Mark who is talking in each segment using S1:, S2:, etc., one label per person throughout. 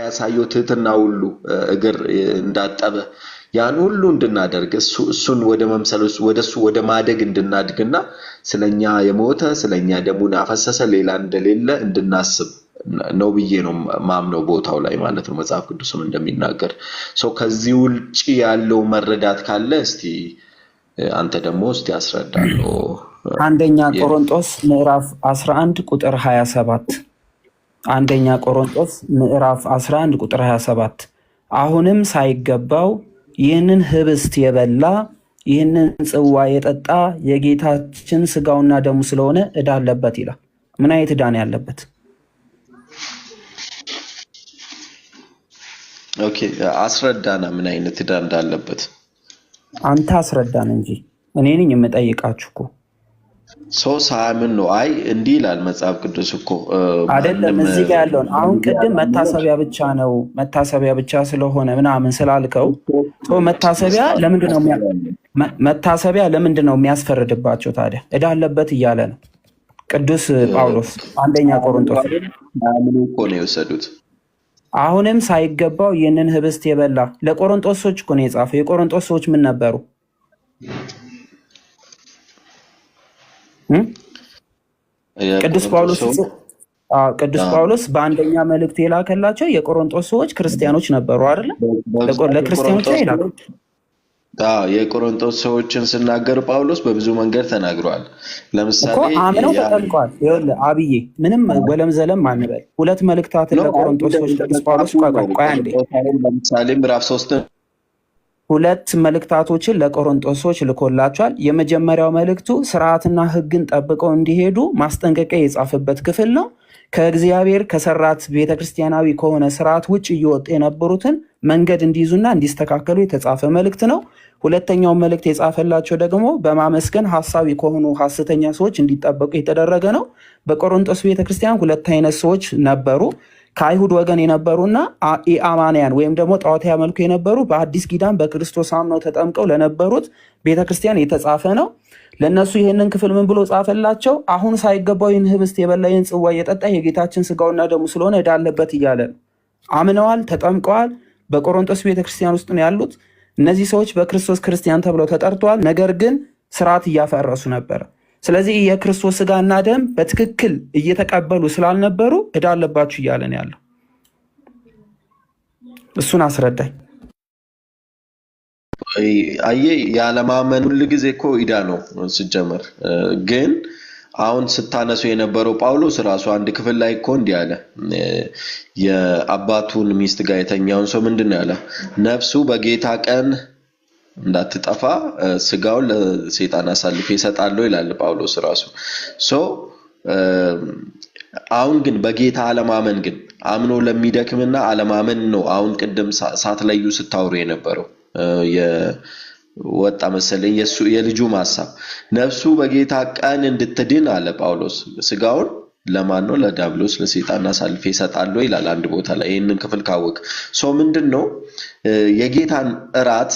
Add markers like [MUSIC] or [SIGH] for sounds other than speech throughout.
S1: ያሳየው ትህትና ሁሉ እግር እንዳጠበ ያን ሁሉ እንድናደርግ እሱን ወደ መምሰል ወደ እሱ ወደ ማደግ እንድናድግና ስለኛ የሞተ ስለኛ ደሙን ያፈሰሰ ሌላ እንደሌለ እንድናስብ ነው ብዬ ነው ማምነው ቦታው ላይ ማለት ነው። መጽሐፍ ቅዱስም እንደሚናገር ሰው ከዚህ ውጭ ያለው መረዳት ካለ እስቲ አንተ ደግሞ እስቲ ያስረዳል።
S2: አንደኛ ቆሮንጦስ ምዕራፍ 11 ቁጥር 27 አንደኛ ቆሮንጦስ ምዕራፍ 11 ቁጥር 27 አሁንም ሳይገባው ይህንን ህብስት የበላ ይህንን ጽዋ የጠጣ የጌታችን ስጋውና ደሙ ስለሆነ እዳ አለበት ይላል። ምን አይነት እዳ ነው ያለበት?
S1: ኦኬ አስረዳና፣ ምን አይነት እዳ እንዳለበት
S2: አንተ አስረዳን እንጂ እኔ ነኝ የምጠይቃችሁ እኮ
S1: ሰው ሳያምን ነው። አይ እንዲህ ይላል መጽሐፍ ቅዱስ እኮ
S2: አይደለም። እዚህ ጋ ያለውን አሁን ቅድም መታሰቢያ ብቻ ነው መታሰቢያ ብቻ ስለሆነ ምናምን ስላልከው መታሰቢያ ለምንድን ነው መታሰቢያ ለምንድን ነው የሚያስፈርድባቸው ታዲያ? እዳ አለበት እያለ ነው ቅዱስ ጳውሎስ አንደኛ ቆሮንቶስ
S1: እኮ ነው የወሰዱት።
S2: አሁንም ሳይገባው ይህንን ህብስት የበላ ለቆሮንጦሶች እኮ ነው የጻፈው። የቆሮንጦስ ሰዎች ምን ነበሩ? ቅዱስ ጳውሎስ ቅዱስ ጳውሎስ በአንደኛ መልእክት የላከላቸው የቆሮንጦስ ሰዎች ክርስቲያኖች ነበሩ አይደለ? ለክርስቲያኖች አይላሉ።
S1: የቆሮንጦስ ሰዎችን ስናገር ጳውሎስ በብዙ መንገድ ተናግረዋል።
S2: ለምሳሌ አምነው ተጠምቀዋል። አብዬ ምንም ወለም ዘለም አንበል። ሁለት መልእክታትን ለቆሮንጦስ ሰዎች ቅዱስ ጳውሎስ ቆይ አንዴ
S1: ለምሳሌ ምዕራፍ ሶስትን
S2: ሁለት መልእክታቶችን ለቆሮንጦሶች ልኮላቸዋል። የመጀመሪያው መልእክቱ ስርዓትና ሕግን ጠብቀው እንዲሄዱ ማስጠንቀቂያ የጻፈበት ክፍል ነው። ከእግዚአብሔር ከሰራት ቤተክርስቲያናዊ ከሆነ ስርዓት ውጭ እየወጡ የነበሩትን መንገድ እንዲይዙና እንዲስተካከሉ የተጻፈ መልእክት ነው። ሁለተኛው መልእክት የጻፈላቸው ደግሞ በማመስገን ሀሳዊ ከሆኑ ሀሰተኛ ሰዎች እንዲጠበቁ የተደረገ ነው። በቆሮንጦስ ቤተክርስቲያን ሁለት አይነት ሰዎች ነበሩ። ከአይሁድ ወገን የነበሩና የአማንያን ወይም ደግሞ ጣዖት ያመልኩ የነበሩ በአዲስ ኪዳን በክርስቶስ አምነው ተጠምቀው ለነበሩት ቤተክርስቲያን የተጻፈ ነው። ለእነሱ ይህንን ክፍል ምን ብሎ ጻፈላቸው? አሁን ሳይገባው ይህን ህብስት የበላ ይህን ጽዋ የጠጣ የጌታችን ስጋውና ደሙ ስለሆነ ዳለበት እያለ ነው። አምነዋል፣ ተጠምቀዋል። በቆሮንቶስ ቤተክርስቲያን ውስጥ ነው ያሉት። እነዚህ ሰዎች በክርስቶስ ክርስቲያን ተብለው ተጠርተዋል። ነገር ግን ስርዓት እያፈረሱ ነበረ። ስለዚህ የክርስቶስ ስጋና ደም በትክክል እየተቀበሉ ስላልነበሩ እዳ አለባችሁ እያለን ያለው እሱን አስረዳኝ።
S1: አየ ያለማመን ሁል ጊዜ እኮ ኢዳ ነው ስጀመር። ግን አሁን ስታነሱ የነበረው ጳውሎስ ራሱ አንድ ክፍል ላይ እኮ እንዲህ አለ። የአባቱን ሚስት ጋር የተኛውን ሰው ምንድን ነው ያለ? ነፍሱ በጌታ ቀን እንዳትጠፋ ስጋውን ለሴጣን አሳልፌ እሰጣለሁ ይላል ጳውሎስ ራሱ። አሁን ግን በጌታ አለማመን ግን አምኖ ለሚደክምና አለማመን ነው። አሁን ቅድም ሳትለዩ ስታወሩ የነበረው ወጣ መሰለኝ የልጁ ማሳብ ነፍሱ በጌታ ቀን እንድትድን አለ ጳውሎስ። ስጋውን ለማን ነው? ለዲያብሎስ ለሴጣን አሳልፌ እሰጣለሁ ይላል አንድ ቦታ ላይ። ይህንን ክፍል ካወቅ ሰው ምንድን ነው የጌታን እራት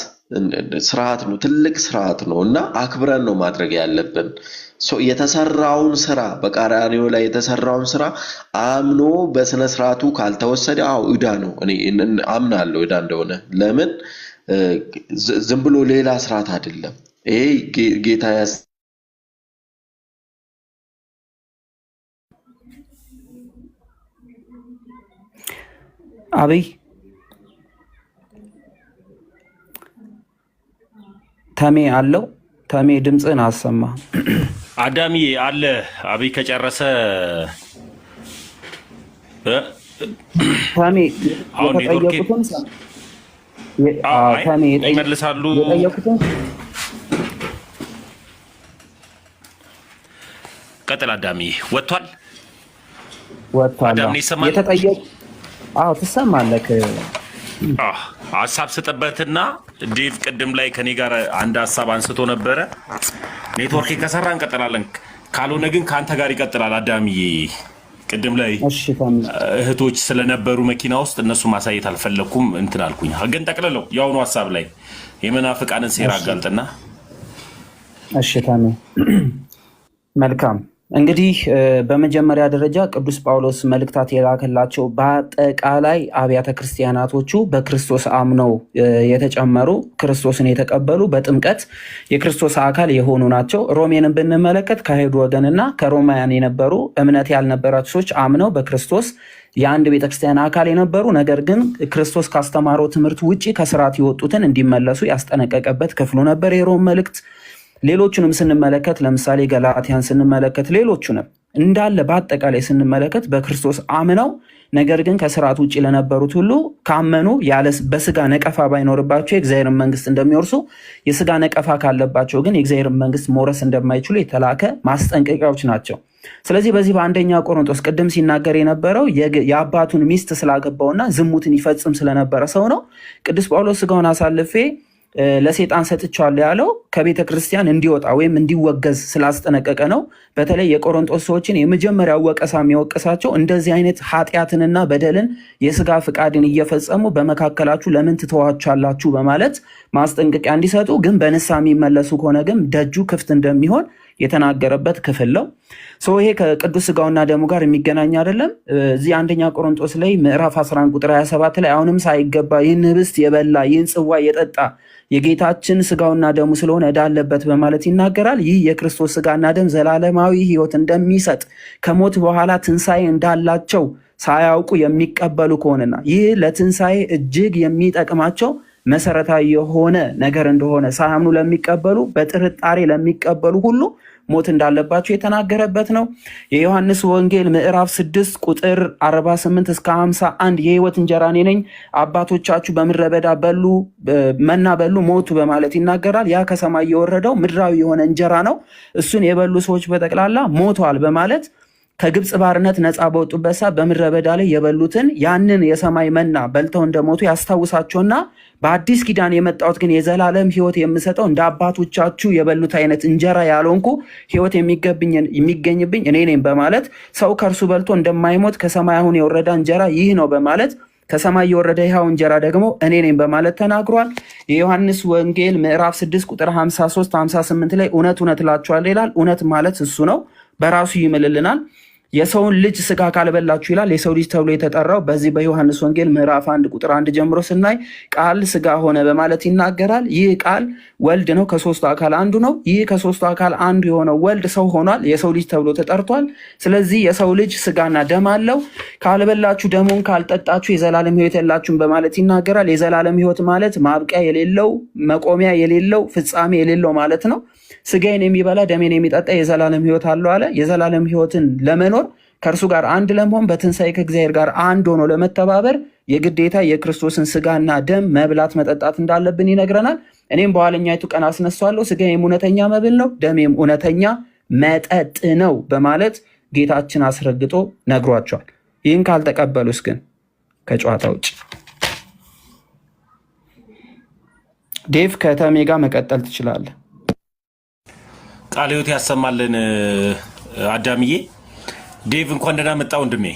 S1: ስርዓት ነው፣ ትልቅ ስርዓት ነው እና አክብረን ነው ማድረግ ያለብን። የተሰራውን ስራ በቀራንዮ ላይ የተሰራውን ስራ አምኖ በስነ ስርዓቱ ካልተወሰደ፣ አዎ እዳ ነው። እኔ አምናለሁ እዳ እንደሆነ። ለምን ዝም ብሎ ሌላ ስርዓት አይደለም። ይሄ ጌታ ያስ
S2: አብይ ተሜ አለው። ተሜ ድምፅን አሰማ።
S1: አዳሚ አለ አብይ ከጨረሰ ተሜ ይመልሳሉ። ቀጥል አዳምዬ። ወጥቷል ወጥቷል። አዳም ይሰማል።
S2: አዎ ትሰማለህ
S1: ሀሳብ ስጥበትና ዴቭ ቅድም ላይ ከኔ ጋር አንድ ሀሳብ አንስቶ ነበረ። ኔትወርክ ከሰራ እንቀጥላለን፣ ካልሆነ ግን ከአንተ ጋር ይቀጥላል። አዳምዬ ቅድም ላይ እህቶች ስለነበሩ መኪና ውስጥ እነሱ ማሳየት አልፈለግኩም እንትን አልኩኝ። ግን ጠቅልለው የአሁኑ ሀሳብ ላይ የመናፍቃንን ሴራ አጋልጥና
S2: [CLEARS THROAT] መልካም እንግዲህ በመጀመሪያ ደረጃ ቅዱስ ጳውሎስ መልእክታት የላከላቸው በአጠቃላይ አብያተ ክርስቲያናቶቹ በክርስቶስ አምነው የተጨመሩ ክርስቶስን የተቀበሉ በጥምቀት የክርስቶስ አካል የሆኑ ናቸው። ሮሜንን ብንመለከት ከአይሁድ ወገንና ከሮማውያን የነበሩ እምነት ያልነበራቸው ሰዎች አምነው በክርስቶስ የአንድ ቤተክርስቲያን አካል የነበሩ ነገር ግን ክርስቶስ ካስተማረው ትምህርት ውጭ ከስርዓት የወጡትን እንዲመለሱ ያስጠነቀቀበት ክፍሉ ነበር የሮም መልእክት። ሌሎቹንም ስንመለከት ለምሳሌ ገላትያን ስንመለከት ሌሎቹንም እንዳለ በአጠቃላይ ስንመለከት በክርስቶስ አምነው ነገር ግን ከስርዓት ውጭ ለነበሩት ሁሉ ካመኑ ያለ በስጋ ነቀፋ ባይኖርባቸው የእግዚአብሔር መንግስት እንደሚወርሱ፣ የስጋ ነቀፋ ካለባቸው ግን የእግዚአብሔር መንግስት መውረስ እንደማይችሉ የተላከ ማስጠንቀቂያዎች ናቸው። ስለዚህ በዚህ በአንደኛ ቆሮንቶስ ቅድም ሲናገር የነበረው የአባቱን ሚስት ስላገባውና ዝሙትን ይፈጽም ስለነበረ ሰው ነው። ቅዱስ ጳውሎስ ስጋውን አሳልፌ ለሴጣን ሰጥቻለሁ ያለው ከቤተ ክርስቲያን እንዲወጣ ወይም እንዲወገዝ ስላስጠነቀቀ ነው። በተለይ የቆሮንጦስ ሰዎችን የመጀመሪያው ወቀሳ የሚወቀሳቸው እንደዚህ አይነት ኃጢአትንና በደልን የስጋ ፍቃድን እየፈጸሙ በመካከላችሁ ለምን ትተዋቻላችሁ በማለት ማስጠንቀቂያ እንዲሰጡ፣ ግን በንሳ የሚመለሱ ከሆነ ግን ደጁ ክፍት እንደሚሆን የተናገረበት ክፍል ነው። ሰው ይሄ ከቅዱስ ስጋውና ደሙ ጋር የሚገናኝ አይደለም። እዚህ አንደኛ ቆሮንጦስ ላይ ምዕራፍ 11 ቁጥር 27 ላይ አሁንም ሳይገባ ይህን ህብስት የበላ ይህን ጽዋ የጠጣ የጌታችን ስጋውና ደሙ ስለሆነ ዕዳ አለበት በማለት ይናገራል። ይህ የክርስቶስ ስጋና ደም ዘላለማዊ ሕይወት እንደሚሰጥ ከሞት በኋላ ትንሣኤ እንዳላቸው ሳያውቁ የሚቀበሉ ከሆነና ይህ ለትንሣኤ እጅግ የሚጠቅማቸው መሰረታዊ የሆነ ነገር እንደሆነ ሳያምኑ ለሚቀበሉ በጥርጣሬ ለሚቀበሉ ሁሉ ሞት እንዳለባቸው የተናገረበት ነው። የዮሐንስ ወንጌል ምዕራፍ 6 ቁጥር 48 እስከ 51 የህይወት እንጀራ እኔ ነኝ፣ አባቶቻችሁ በምድረ በዳ በሉ መና በሉ ሞቱ በማለት ይናገራል። ያ ከሰማይ የወረደው ምድራዊ የሆነ እንጀራ ነው። እሱን የበሉ ሰዎች በጠቅላላ ሞተዋል በማለት ከግብፅ ባርነት ነፃ በወጡበት ሰዓት በምድረ በዳ ላይ የበሉትን ያንን የሰማይ መና በልተው እንደሞቱ ያስታውሳቸውና በአዲስ ኪዳን የመጣሁት ግን የዘላለም ህይወት የምሰጠው እንደ አባቶቻችሁ የበሉት አይነት እንጀራ ያልሆንኩ ህይወት የሚገኝብኝ እኔ ነኝ በማለት ሰው ከእርሱ በልቶ እንደማይሞት ከሰማይ አሁን የወረዳ እንጀራ ይህ ነው በማለት ከሰማይ የወረደ ይኸው እንጀራ ደግሞ እኔ ነኝ በማለት ተናግሯል። የዮሐንስ ወንጌል ምዕራፍ 6 ቁጥር 53 58 ላይ እውነት እውነት እላችኋለሁ ይላል። እውነት ማለት እሱ ነው። በራሱ ይምልልናል። የሰውን ልጅ ስጋ ካልበላችሁ ይላል። የሰው ልጅ ተብሎ የተጠራው በዚህ በዮሐንስ ወንጌል ምዕራፍ አንድ ቁጥር አንድ ጀምሮ ስናይ ቃል ስጋ ሆነ በማለት ይናገራል። ይህ ቃል ወልድ ነው፣ ከሶስቱ አካል አንዱ ነው። ይህ ከሶስቱ አካል አንዱ የሆነው ወልድ ሰው ሆኗል፣ የሰው ልጅ ተብሎ ተጠርቷል። ስለዚህ የሰው ልጅ ስጋና ደም አለው። ካልበላችሁ፣ ደሙን ካልጠጣችሁ የዘላለም ሕይወት የላችሁም በማለት ይናገራል። የዘላለም ሕይወት ማለት ማብቂያ የሌለው መቆሚያ የሌለው ፍጻሜ የሌለው ማለት ነው። ስጋዬን የሚበላ ደሜን የሚጠጣ የዘላለም ህይወት አለው አለ። የዘላለም ህይወትን ለመኖር ከእርሱ ጋር አንድ ለመሆን በትንሣኤ ከእግዚአብሔር ጋር አንድ ሆኖ ለመተባበር የግዴታ የክርስቶስን ስጋና ደም መብላት መጠጣት እንዳለብን ይነግረናል። እኔም በኋለኛይቱ ቀን አስነሳዋለሁ፣ ስጋዬም እውነተኛ መብል ነው፣ ደሜም እውነተኛ መጠጥ ነው በማለት ጌታችን አስረግጦ ነግሯቸዋል። ይህን ካልተቀበሉስ ግን ከጨዋታ ውጭ ዴቭ ከተሜ ጋር መቀጠል ትችላለህ።
S1: ቃለ ሕይወት ያሰማልን። አዳምዬ ዴቭ እንኳን ደህና መጣ ወንድሜ።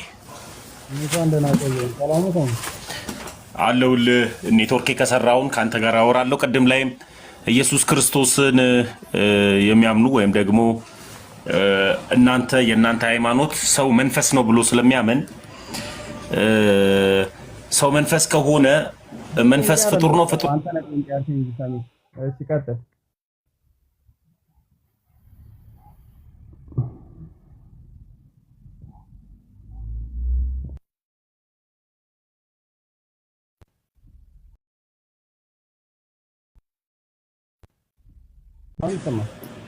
S1: አለሁልህ። ኔትወርኬ ከሰራውን ከአንተ ጋር አወራለሁ። ቅድም ላይም ኢየሱስ ክርስቶስን የሚያምኑ ወይም ደግሞ እናንተ የእናንተ ሃይማኖት ሰው መንፈስ ነው ብሎ ስለሚያምን ሰው መንፈስ ከሆነ መንፈስ ፍጡር ነው ፍጡር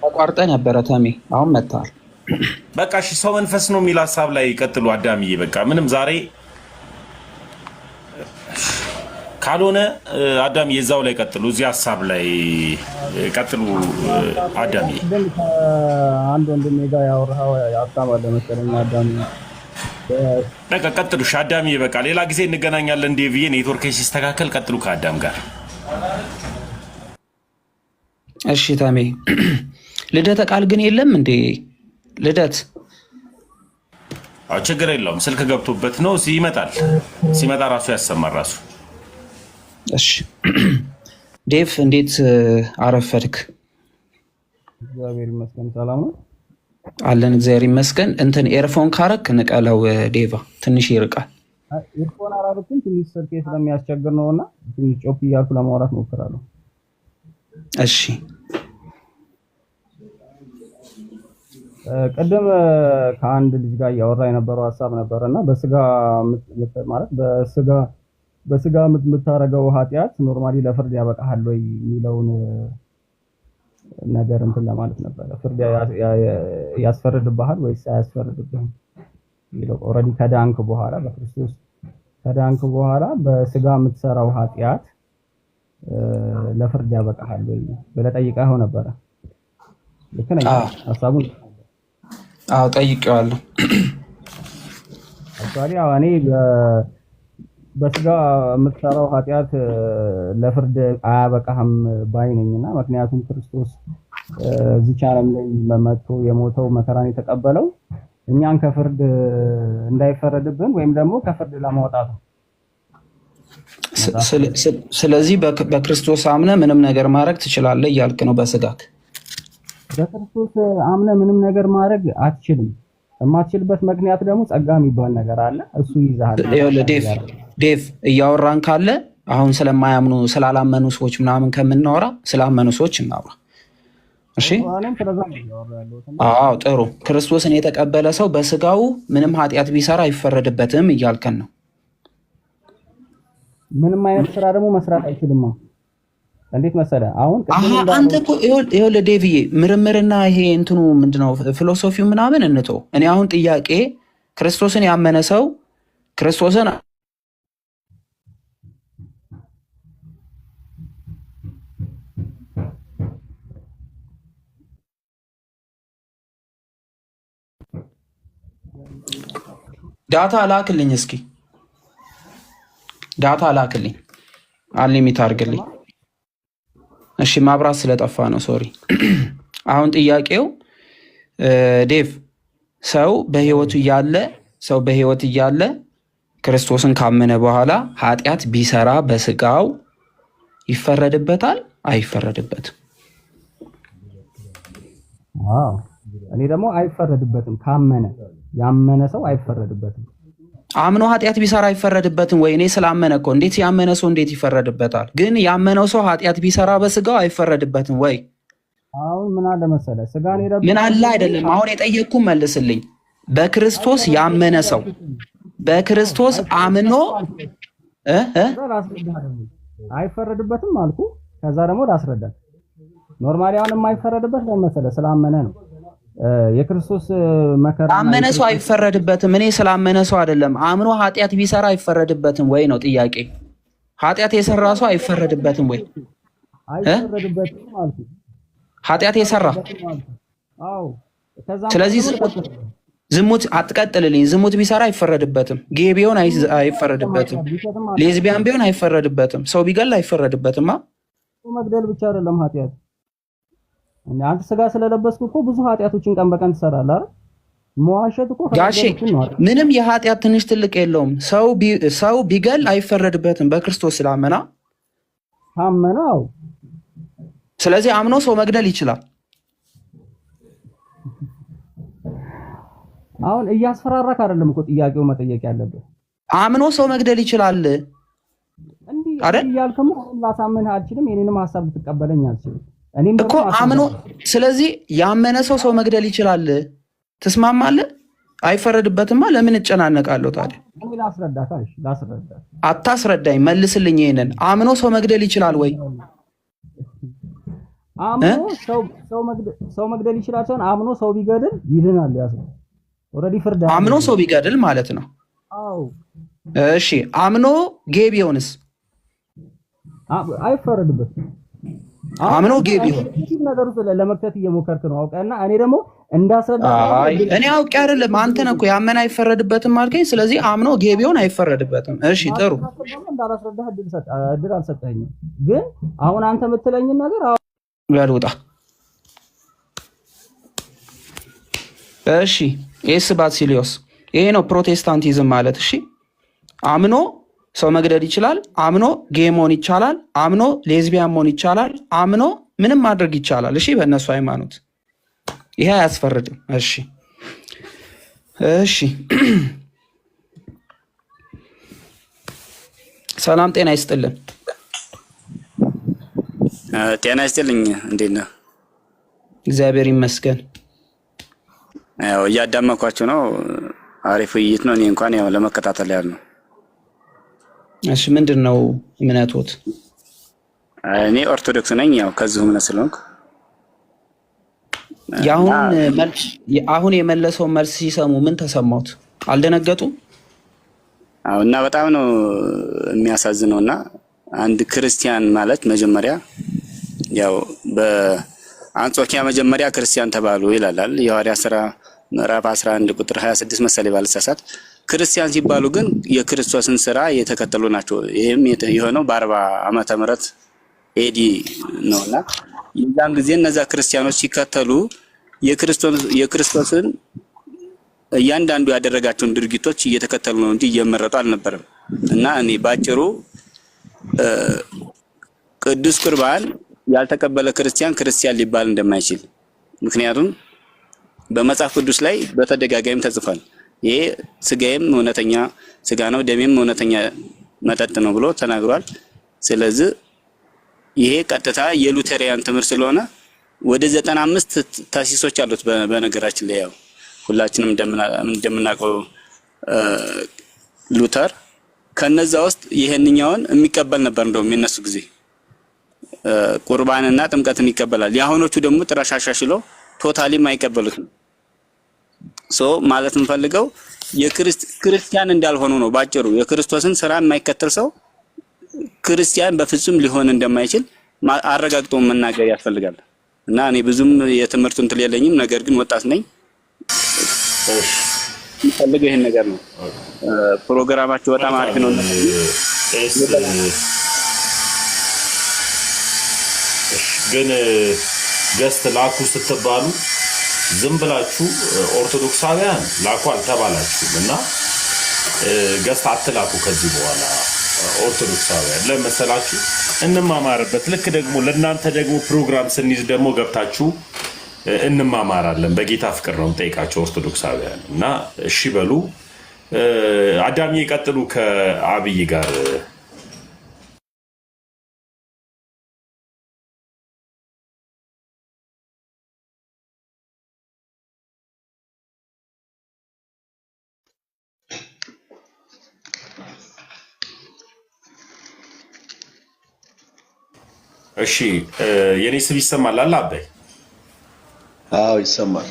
S2: ተቋርጠ ነበረ ተሜ፣ አሁን መጥተሃል።
S1: በቃ እሺ፣ ሰው መንፈስ ነው የሚል ሀሳብ ላይ ቀጥሉ አዳምዬ። በቃ ምንም ዛሬ ካልሆነ አዳምዬ የዛው ላይ ቀጥሉ፣ እዚህ ሀሳብ ላይ ቀጥሉ አዳምዬ።
S2: አንድ ወንድሜ ጋር ያወራኸው ሀሳብ አለ መሰለኝ አዳምዬ።
S1: በቃ ቀጥሉ አዳምዬ። በቃ ሌላ ጊዜ እንገናኛለን። ዴቪዬ ኔትወርክ ሲስተካከል ቀጥሉ ከአዳም ጋር
S2: እሺ ታሜ ልደተ ቃል ግን የለም እንዴ? ልደት
S1: ችግር የለውም። ስልክ ገብቶበት ነው ይመጣል። ሲመጣ ራሱ ያሰማል ራሱ።
S2: እሺ ዴቭ እንዴት አረፈድክ? እግዚአብሔር ይመስገን ሰላም ነው አለን። እግዚአብሔር ይመስገን። እንትን ኤርፎን ካረክ ንቀለው ዴቫ፣ ትንሽ ይርቃል። ኤርፎን አላረኩም፣ ትንሽ ስልኬ ስለሚያስቸግር ነው እና ትንሽ ጮክ እያልኩ ለማውራት ሞክራለሁ። እሺ ቅድም ከአንድ ልጅ ጋር እያወራ የነበረው ሀሳብ ነበረ እና በስጋ ማለት በስጋ በስጋ የምታደርገው ኃጢአት ኖርማሊ ለፍርድ ያበቃሃል ወይ የሚለውን ነገር እንትን ለማለት ነበረ። ፍርድ ያስፈርድብሃል ወይስ አያስፈርድብህም የሚለው ኦልሬዲ ከዳንክ በኋላ በክርስቶስ ከዳንክ በኋላ በስጋ የምትሰራው ኃጢአት ለፍርድ ያበቃሃል ወይ ብለህ ጠይቀኸው ነበረ? ልክ ነኝ? ሀሳቡን
S1: አዎ ጠይቄዋለሁ።
S2: አክቹዋሊ እኔ በስጋ የምትሰራው ኃጢአት ለፍርድ አያበቃህም ባይ ነኝና ምክንያቱም ክርስቶስ እዚች ዓለም ላይ መጥቶ የሞተው መከራን የተቀበለው እኛን ከፍርድ እንዳይፈረድብን ወይም ደግሞ ከፍርድ ለማውጣት ነው። ስለዚህ በክርስቶስ አምነ ምንም ነገር ማድረግ ትችላለህ እያልክ ነው። በስጋት በክርስቶስ አምነ ምንም ነገር ማድረግ አትችልም። የማትችልበት ምክንያት ደግሞ ጸጋ የሚባል ነገር አለ። እሱ ይዛል። ዴቭ እያወራን ካለ አሁን ስለማያምኑ ስላላመኑ ሰዎች ምናምን ከምናወራ ስላመኑ ሰዎች እናውራ። እሺ፣ አዎ ጥሩ። ክርስቶስን የተቀበለ ሰው በስጋው ምንም ኃጢአት ቢሰራ አይፈረድበትም እያልከን ነው። ምንም አይነት ስራ ደግሞ መስራት አይችልም። እንዴት መሰለ አሁን አንተ እኮ ይኸውልህ ዴቪዬ ምርምርና ይሄ እንትኑ ምንድነው ፊሎሶፊው ምናምን እንቶ እኔ አሁን ጥያቄ ክርስቶስን ያመነ ሰው ክርስቶስን ዳታ ላክልኝ እስኪ ዳታ ላክልኝ፣ አንሊሚት አድርግልኝ። እሺ ማብራት ስለጠፋ ነው ሶሪ። [CLEARS THROAT] አሁን ጥያቄው ዴቭ ሰው በህይወቱ እያለ ሰው በህይወት እያለ ክርስቶስን ካመነ በኋላ ኃጢአት ቢሰራ በስጋው ይፈረድበታል አይፈረድበትም? እኔ ደግሞ አይፈረድበትም። ካመነ ያመነ ሰው አይፈረድበትም። አምኖ ኃጢአት ቢሰራ አይፈረድበትም ወይ? እኔ ስላመነ እኮ እንዴት ያመነ ሰው እንዴት ይፈረድበታል? ግን ያመነው ሰው ኃጢአት ቢሰራ በስጋው አይፈረድበትም ወይ? አሁን ምን አለ መሰለህ፣ ስጋ ምን አለ አይደለም። አሁን የጠየቅኩ መልስልኝ። በክርስቶስ ያመነ ሰው በክርስቶስ አምኖ አይፈረድበትም አልኩ። ከዛ ደግሞ ላስረዳት። ኖርማሊ አሁን የማይፈረድበት ለመሰለህ ስላመነ ነው የክርስቶስ መከራ አመነ ሰው አይፈረድበትም። እኔ ስላመነ ሰው አይደለም፣ አምኖ ኃጢአት ቢሰራ አይፈረድበትም ወይ ነው ጥያቄ። ኃጢአት የሰራ ሰው አይፈረድበትም ወይ? አይፈረድበትም ማለት ኃጢአት የሰራ ስለዚህ ዝሙት አትቀጥልልኝ። ዝሙት ቢሰራ አይፈረድበትም። ጌ ቢሆን አይፈረድበትም። ሌዝቢያን ቢሆን አይፈረድበትም። ሰው ቢገል አይፈረድበትም መግደል ብቻ አይደለም ኃጢአት አንተ ስጋ ስለለበስኩ እኮ ብዙ ኃጢያቶችን ቀን በቀን ትሰራለህ አይደል? መዋሸት እኮ ጋሼ ምንም የኃጢያት ትንሽ ትልቅ የለውም። ሰው ቢገል አይፈረድበትም በክርስቶስ ስላመና ታመናው። ስለዚህ አምኖ ሰው መግደል ይችላል። አሁን እያስፈራራክ አይደለም እኮ ጥያቄው መጠየቅ ያለብህ። አምኖ ሰው መግደል ይችላል አይደል እያልከም ላሳምንህ አልችልም። የኔንም ሀሳብ ልትቀበለኝ አልችልም። እኮ አምኖ ስለዚህ ያመነ ሰው ሰው መግደል ይችላል። ትስማማለህ? አይፈረድበትማ። ለምን እጨናነቃለሁ ታዲያ? አታስረዳኝ፣ መልስልኝ። ይሄንን አምኖ ሰው መግደል ይችላል ወይ? ሰው መግደል ይችላል ሳይሆን አምኖ ሰው ቢገድል ይድናል። ያ አምኖ ሰው ቢገድል ማለት ነው። እሺ፣ አምኖ ጌ ቢሆንስ? አይፈረድበትም አምነው ጌብ ይሁን ነገር ውስጥ ለመክተት እየሞከርክ ነው አውቀህና፣ እኔ ደግሞ እንዳስረዳ እኔ አውቄ አይደለም አንተ ነህ እኮ ያመን አይፈረድበትም አልከኝ። ስለዚህ አምኖ ጌብ ይሁን አይፈረድበትም። እሺ ጥሩ እንዳላስረዳህ እድል አልሰጠኝም። ግን አሁን አንተ የምትለኝን ነገር በል ውጣ። እሺ ኤስ ባሲሊዮስ ይሄ ነው ፕሮቴስታንቲዝም ማለት። እሺ አምኖ ሰው መግደል ይችላል። አምኖ ጌ መሆን ይቻላል። አምኖ ሌዝቢያን መሆን ይቻላል። አምኖ ምንም ማድረግ ይቻላል። እሺ፣ በእነሱ ሃይማኖት ይሄ አያስፈርድም። እሺ፣ እሺ። ሰላም ጤና ይስጥልን።
S1: ጤና ይስጥልኝ። እንዴት ነው
S2: እግዚአብሔር ይመስገን።
S1: ያው እያዳመኳችሁ ነው። አሪፍ ውይይት ነው። እኔ እንኳን ያው ለመከታተል ያህል ነው።
S2: እሺ ምንድን ነው እምነቶት?
S1: እኔ ኦርቶዶክስ ነኝ። ያው ከዚሁ እምነት ስለሆንኩ
S2: አሁን የመለሰው መልስ ሲሰሙ ምን ተሰማሁት? አልደነገጡም?
S1: አዎ። እና በጣም ነው የሚያሳዝነው። እና አንድ ክርስቲያን ማለት መጀመሪያ ያው በአንጾኪያ መጀመሪያ ክርስቲያን ተባሉ ይላል የሐዋርያት ስራ ምዕራፍ 11 ቁጥር 26 መሰለኝ ባልሳሳት ክርስቲያን ሲባሉ ግን የክርስቶስን ስራ የተከተሉ ናቸው። ይህም የሆነው በአርባ ዓመተ ምህረት ኤዲ ነውእና የዛን ጊዜ እነዛ ክርስቲያኖች ሲከተሉ የክርስቶስን እያንዳንዱ ያደረጋቸውን ድርጊቶች እየተከተሉ ነው እንጂ እየመረጡ አልነበረም። እና እኔ ባጭሩ ቅዱስ ቁርባን ያልተቀበለ ክርስቲያን ክርስቲያን ሊባል እንደማይችል ምክንያቱም በመጽሐፍ ቅዱስ ላይ በተደጋጋሚ ተጽፏል። ይሄ ስጋዬም እውነተኛ ስጋ ነው፣ ደሜም እውነተኛ መጠጥ ነው ብሎ ተናግሯል። ስለዚህ ይሄ ቀጥታ የሉተሪያን ትምህርት ስለሆነ ወደ ዘጠና አምስት ታሲሶች አሉት። በነገራችን ላይ ያው ሁላችንም እንደምናውቀው ሉተር ከነዛ ውስጥ ይሄንኛውን የሚቀበል ነበር። እንደውም የነሱ ጊዜ ቁርባንና ጥምቀትን ይቀበላል። የአሁኖቹ ደግሞ ጥራሻሻ ሽለው የማይቀበሉት አይቀበሉትም። ሶ ማለት እንፈልገው ክርስቲያን እንዳልሆኑ ነው ባጭሩ። የክርስቶስን ስራ የማይከተል ሰው ክርስቲያን በፍጹም ሊሆን እንደማይችል አረጋግጦ መናገር ያስፈልጋል። እና እኔ ብዙም የትምህርቱ እንትን የለኝም፣ ነገር ግን ወጣት ነኝ። የምፈልገው ይሄን ነገር ነው። ፕሮግራማችሁ በጣም አሪፍ ነው። ግን ገስት ላኩ ስትባሉ ዝም ብላችሁ ኦርቶዶክሳውያን ላኩ አልተባላችሁም እና ገዝታ አትላኩ። ከዚህ በኋላ ኦርቶዶክሳውያን ለመሰላችሁ እንማማርበት። ልክ ደግሞ ለእናንተ ደግሞ ፕሮግራም ስንይዝ ደግሞ ገብታችሁ እንማማራለን። በጌታ ፍቅር ነው ጠይቃቸው ኦርቶዶክሳውያን እና እሺ በሉ። አዳሚ ቀጥሉ ከአብይ ጋር እሺ የኔ ስብ ይሰማል? አለ አባይ። አዎ ይሰማል።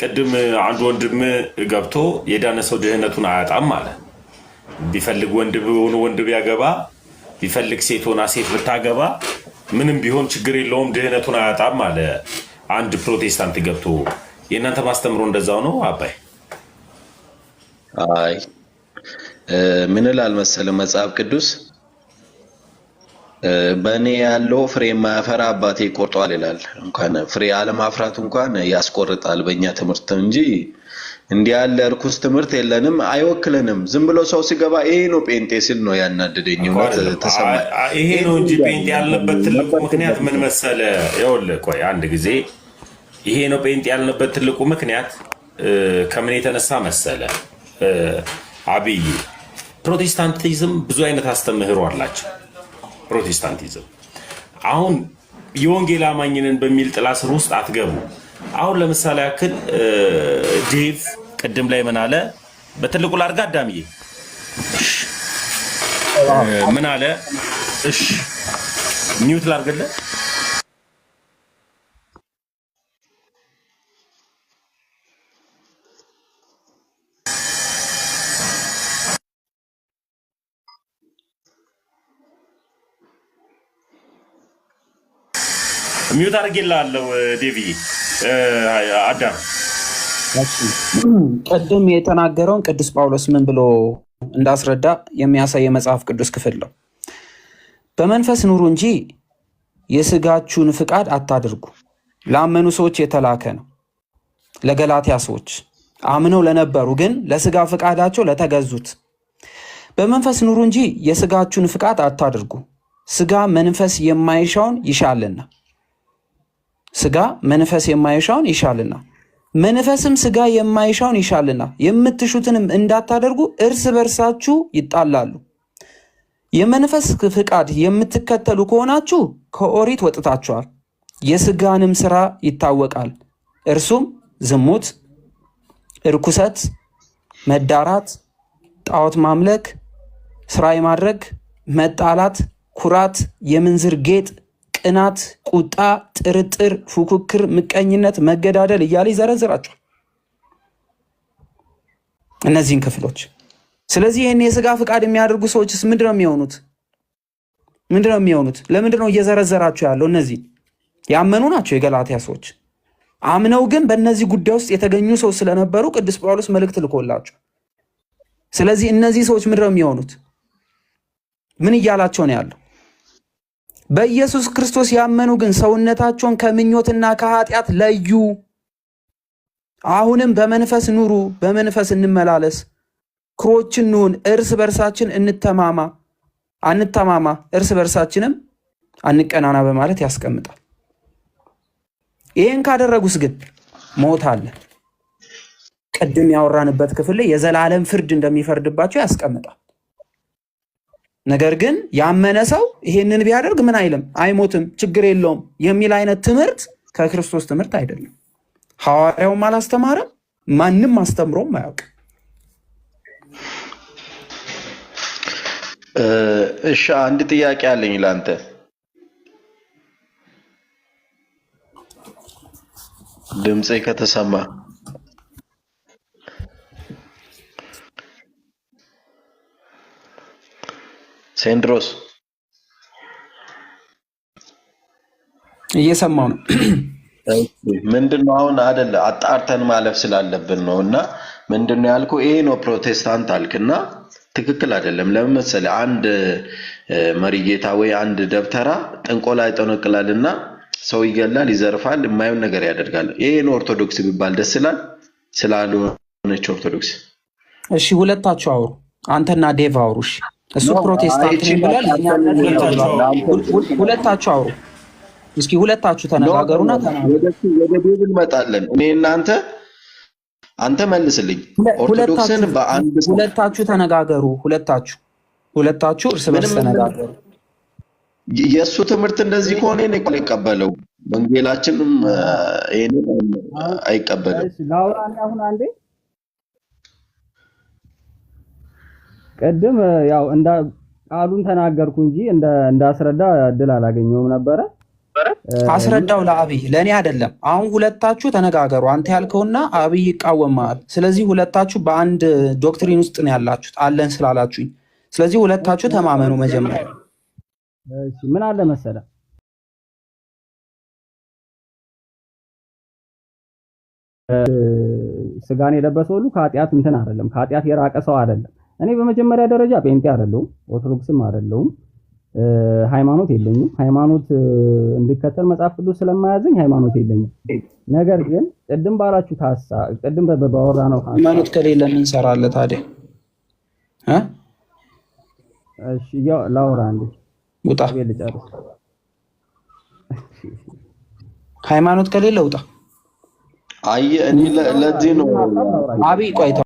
S1: ቅድም አንድ ወንድም ገብቶ የዳነ ሰው ድህነቱን አያጣም አለ። ቢፈልግ ወንድ ሆኖ ወንድ ቢያገባ፣ ቢፈልግ ሴት ሆና ሴት ብታገባ ምንም ቢሆን ችግር የለውም ድህነቱን አያጣም አለ አንድ ፕሮቴስታንት ገብቶ። የእናንተ ማስተምሮ እንደዛው ነው አባይ? አይ ምን ላል መሰለ መጽሐፍ ቅዱስ በእኔ ያለው ፍሬ የማያፈራ አባቴ ቆርጧል ይላል። እንኳን ፍሬ አለማፍራት እንኳን ያስቆርጣል በእኛ ትምህርት እንጂ እንዲህ ያለ እርኩስ ትምህርት የለንም፣ አይወክልንም። ዝም ብሎ ሰው ሲገባ ይሄ ነው ጴንጤ ሲል ነው ያናደደኝ። እውነት ተሰማኝ። ይሄ ነው እንጂ ጴንጤ ያለበት ትልቁ ምክንያት ምን መሰለ? ይኸውልህ ቆይ አንድ ጊዜ ይሄ ነው ጴንጤ ያለበት ትልቁ ምክንያት ከምን የተነሳ መሰለ አብይ ፕሮቴስታንቲዝም ብዙ አይነት አስተምህሮ አላቸው ፕሮቴስታንቲዝም። አሁን የወንጌል አማኝንን በሚል ጥላ ስር ውስጥ አትገቡ። አሁን ለምሳሌ ያክል ዴቭ ቅድም ላይ ምን አለ? በትልቁ ላድርግ አዳምዬ ምን አለ? እሺ ሚዩት ላድርግልህ ሚዩት አድርጌልሃለሁ ዴቪ አዳም
S2: ቅድም የተናገረውን ቅዱስ ጳውሎስ ምን ብሎ እንዳስረዳ የሚያሳይ የመጽሐፍ ቅዱስ ክፍል ነው። በመንፈስ ኑሩ እንጂ የስጋችሁን ፍቃድ አታድርጉ። ላመኑ ሰዎች የተላከ ነው። ለገላትያ ሰዎች አምነው ለነበሩ ግን ለስጋ ፍቃዳቸው ለተገዙት በመንፈስ ኑሩ እንጂ የስጋችሁን ፍቃድ አታድርጉ። ስጋ መንፈስ የማይሻውን ይሻልና ስጋ መንፈስ የማይሻውን ይሻልና መንፈስም ስጋ የማይሻውን ይሻልና የምትሹትንም እንዳታደርጉ እርስ በርሳችሁ ይጣላሉ። የመንፈስ ፍቃድ የምትከተሉ ከሆናችሁ ከኦሪት ወጥታችኋል። የስጋንም ስራ ይታወቃል፤ እርሱም ዝሙት፣ እርኩሰት፣ መዳራት፣ ጣዖት ማምለክ፣ ስራ ማድረግ፣ መጣላት፣ ኩራት፣ የምንዝር ጌጥ ቅናት፣ ቁጣ፣ ጥርጥር፣ ፉክክር፣ ምቀኝነት፣ መገዳደል እያለ ይዘረዝራቸዋል እነዚህን ክፍሎች። ስለዚህ ይህን የስጋ ፍቃድ የሚያደርጉ ሰዎችስ ምንድን የሚሆኑት? ምንድን ነው የሚሆኑት? ለምንድን ነው እየዘረዘራቸው ያለው? እነዚህ ያመኑ ናቸው የገላትያ ሰዎች። አምነው ግን በእነዚህ ጉዳይ ውስጥ የተገኙ ሰው ስለነበሩ ቅዱስ ጳውሎስ መልእክት ልኮላቸው። ስለዚህ እነዚህ ሰዎች ምንድን ነው የሚሆኑት? ምን እያላቸው ነው ያለው? በኢየሱስ ክርስቶስ ያመኑ ግን ሰውነታቸውን ከምኞትና ከኃጢአት ለዩ። አሁንም በመንፈስ ኑሩ፣ በመንፈስ እንመላለስ፣ ክሮችን እንሁን፣ እርስ በርሳችን እንተማማ አንተማማ፣ እርስ በርሳችንም አንቀናና በማለት ያስቀምጣል። ይህን ካደረጉስ ግን ሞት አለ። ቅድም ያወራንበት ክፍል ላይ የዘላለም ፍርድ እንደሚፈርድባቸው ያስቀምጣል። ነገር ግን ያመነ ሰው ይሄንን ቢያደርግ ምን አይልም፣ አይሞትም፣ ችግር የለውም የሚል አይነት ትምህርት ከክርስቶስ ትምህርት አይደለም። ሐዋርያውም አላስተማረም፣ ማንም አስተምሮም አያውቅም።
S1: እሺ አንድ ጥያቄ አለኝ ለአንተ። ድምፄ ከተሰማ ሴንድሮስ እየሰማው ነው። ምንድነው አሁን አደለ አጣርተን ማለፍ ስላለብን ነው። እና ምንድነው ያልኩ ይሄ ነው ፕሮቴስታንት አልክና ትክክል አይደለም። ለምን መሰለህ? አንድ መሪጌታ ወይ አንድ ደብተራ ጥንቆላ ይጠነቅላል እና ሰው ይገላል፣ ይዘርፋል፣ የማየውን ነገር ያደርጋል። ይሄ ነው ኦርቶዶክስ ቢባል ደስ ይላል። ስላልሆነች ኦርቶዶክስ
S2: እሺ፣ ሁለታችሁ አውሩ። አንተና ዴቭ አውሩ። እሺ እሱ ፕሮቴስታንት ነው ይላል። ሁለታችሁ አውሩ እስኪ፣ ሁለታችሁ ተነጋገሩና
S1: ወደ ቤብ እንመጣለን። እኔ እናንተ አንተ መልስልኝ። ኦርቶዶክስን በአንድ
S2: ሁለታችሁ ተነጋገሩ። ሁለታችሁ ሁለታችሁ እርስ በርስ ተነጋገሩ።
S1: የእሱ ትምህርት እንደዚህ ከሆነ እኔ እኮ አይቀበለው፣ ወንጌላችንም ይሄንን አይቀበለው።
S2: ቅድም ያው እንዳ ቃሉን ተናገርኩ እንጂ እንዳስረዳ እድል አላገኘውም ነበረ። አስረዳው ለአብይ ለእኔ አይደለም። አሁን ሁለታችሁ ተነጋገሩ። አንተ ያልከውና አብይ ይቃወማል። ስለዚህ ሁለታችሁ በአንድ ዶክትሪን ውስጥ ነው ያላችሁት አለን ስላላችሁኝ። ስለዚህ ሁለታችሁ ተማመኑ። መጀመሪያ ምን አለ መሰለ ስጋን የለበሰው ሁሉ ከኃጢአት እንትን አይደለም፣ ከኃጢአት የራቀ ሰው አይደለም። እኔ በመጀመሪያ ደረጃ ጴንጤ አይደለሁም፣ ኦርቶዶክስም አይደለሁም፣ ሃይማኖት የለኝም። ሃይማኖት እንድከተል መጽሐፍ ቅዱስ ስለማያዘኝ ሃይማኖት የለኝም። ነገር ግን ቅድም ባላችሁ ታሳ ቅድም በባወራ ነው ሃይማኖት ከሌለ ምን ሰራለህ ታዲያ? እሺ ያው ላውራ እንዴ ውጣ፣ ልጨርስ። ሃይማኖት ከሌለ ውጣ።
S1: አይ እኔ ለዚህ ነው
S2: አብይ ቆይታ